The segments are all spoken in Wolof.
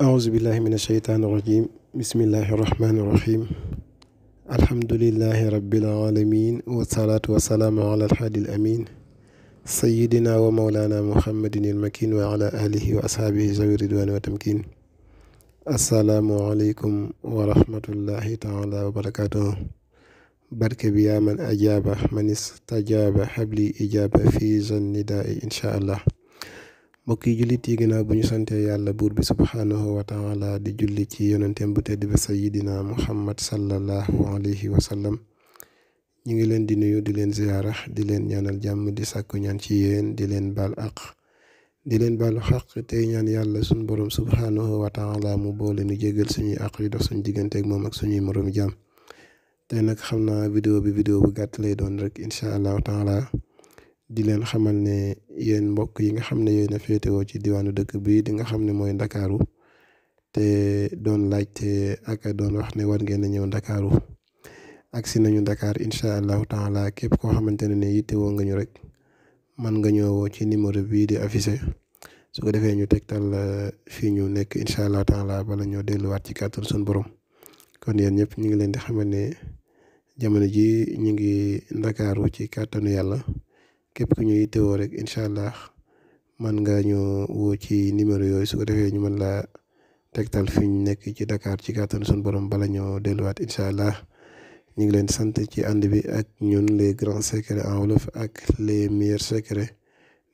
aousubillahi min asheytaan irajim bismillahi irrahmani irrahim alhamdulilahi rabbil alamin wasalaatu wasalaamu ala alhaadi al amin sayidina wa mawlana muhammadin il makin wa ala alihi wa ashaabihi zawi ridwani wa tamkin assalaamu aleykum wa rahmatullahi taala wa barakatuh barke bi yaa man ajaaba man istajaaba habli ijaaba fi zannidaa'i insha allah mbokk yi jullit yi ginnaaw bu ñu sante yàlla buur bi subhaanahu wa taala di julli ci yonenteem bu tedd bi sayidina muhammad sallallahu alayhi wa sallam ñu ngi leen di nuyu di leen ziyaara di leen ñaanal jàmm di sàkku ñaan ci yéen di leen baal aq di leen baalu xaq tey ñaan yàlla suñ borom subhaanahu wa taala mu boole nu jégal suñuy aq yu dox suñu digganteeg moom ak suñuy moroom jàmm tey nag xam naa vidéo bi vidéo bu gàtt lay doon rek incha allahu taala di leen xamal ne yéen mbokk yi nga xam ne yéen a ci diwaanu dëkk bii di nga xam ne mooy ndakaaru te doon laajte ak doon wax ne war ngeen ñëw ndakaaru agsi nañu ndakaar incha allahu taala képp koo xamante ne nii yittewoo nga ñu rek man nga ñëw ci numéro bii di affiché su ko defee ñu tegtal euh, fii ñu nekk incha allahu taala bala ñoo delluwaat ci kàttan suñu borom kon yéen ñëpp ñu ngi leen di xamal ne jamono ji ñu ngi ndakaaru ci kàttanu yàlla képp ku ñuy teewoo rek incha allah man nga ñu woo ci numéro yooyu su ko defee ñu mën laa tegtal fi ñu nekk ci dakaar ci kàttan suñu borom bala ñoo delluwaat incha allah ñu ngi leen sant ci ànd bi ak ñun le grands secrets en wolof ak les meilleurs secrets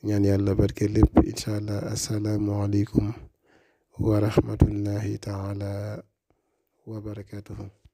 ñaan yàlla barke lépp incha allah asalaamualeykum wa rahmatullahi taala wa barakatuhu